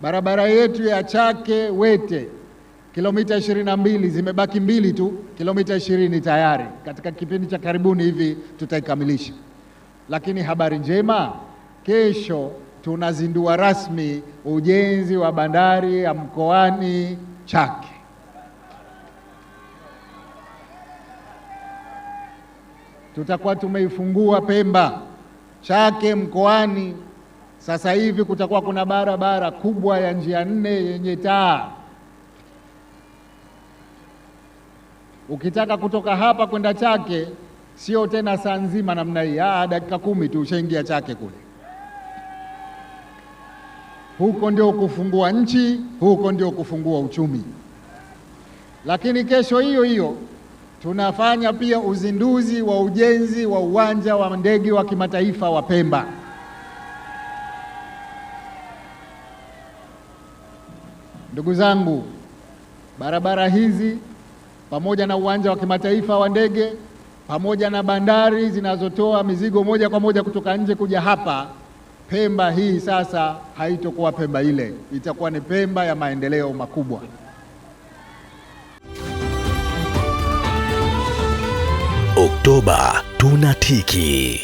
Barabara yetu ya Chake Wete kilomita 22 zimebaki mbili tu, kilomita 20 tayari. Katika kipindi cha karibuni hivi tutaikamilisha. Lakini habari njema, kesho tunazindua rasmi ujenzi wa bandari ya mkoani Chake. Tutakuwa tumeifungua Pemba, Chake mkoani sasa hivi kutakuwa kuna barabara kubwa ya njia nne yenye taa. Ukitaka kutoka hapa kwenda Chake sio tena saa nzima namna hii, ah, dakika kumi tu ushaingia Chake kule. Huko ndio kufungua nchi, huko ndio kufungua uchumi. Lakini kesho hiyo hiyo tunafanya pia uzinduzi wa ujenzi wa uwanja wa ndege wa kimataifa wa Pemba. Ndugu zangu, barabara hizi pamoja na uwanja wa kimataifa wa ndege pamoja na bandari zinazotoa mizigo moja kwa moja kutoka nje kuja hapa, Pemba hii sasa haitokuwa Pemba ile, itakuwa ni Pemba ya maendeleo makubwa. Oktoba tunatiki.